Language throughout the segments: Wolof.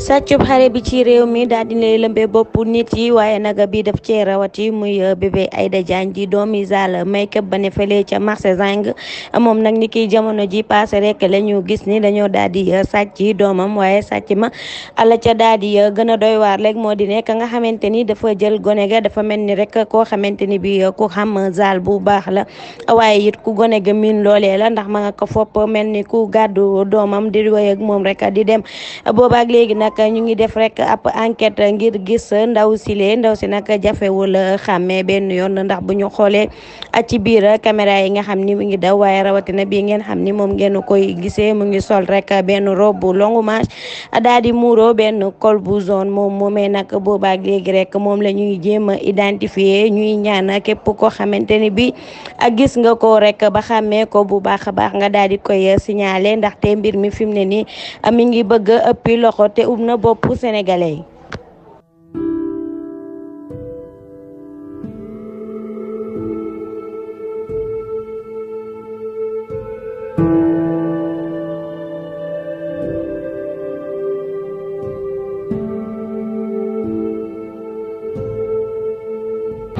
sàccub xale bi ci réew mi daal di lëmbee bopp nit yi waaye naga bi daf cee rawati muy euh, bébé Aïda Diagne di doomi Zale Makeup ba ne fële ca marché Zinc moom nag ni ki jamono ji paase rek la gis ni dañoo daal di euh, sàcc doomam waaye sàcc ma ala ca daal di euh, gën a doy waar rek moo di ne ka nga xamante ni dafa jël gone ga dafa mel ni rek koo xamante ni bi ku xam Zale bu baax la waaye it ku gone ga la ndax ma ko fopp mel ni ku gàddu doomam di woy moom rek di dem boobaak léegi nag ñu ngi def rek ab enquête ngir gis ndaw si lee ndaw si nag jafewul xàmmee benn yoon ndax bu ñu xoolee ci biir caméra yi nga xam ni mu ngi daw waaye rawatina bii ngeen xam ni moom ngeen koy gisee mu ngi sol rek benn robe bu longue manche daal di muuro benn col bu zone moom moomee nag boobaak léegi rek moom la ñuy jéem a identifier ñuy ñaan képp koo xamante ni bi a gis nga ko rek ba xàmmee ko bu baax a baax nga daal di koy signaler ndaxte mbir mi fi mu ne nii Nobopou sénégalais.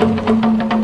thank you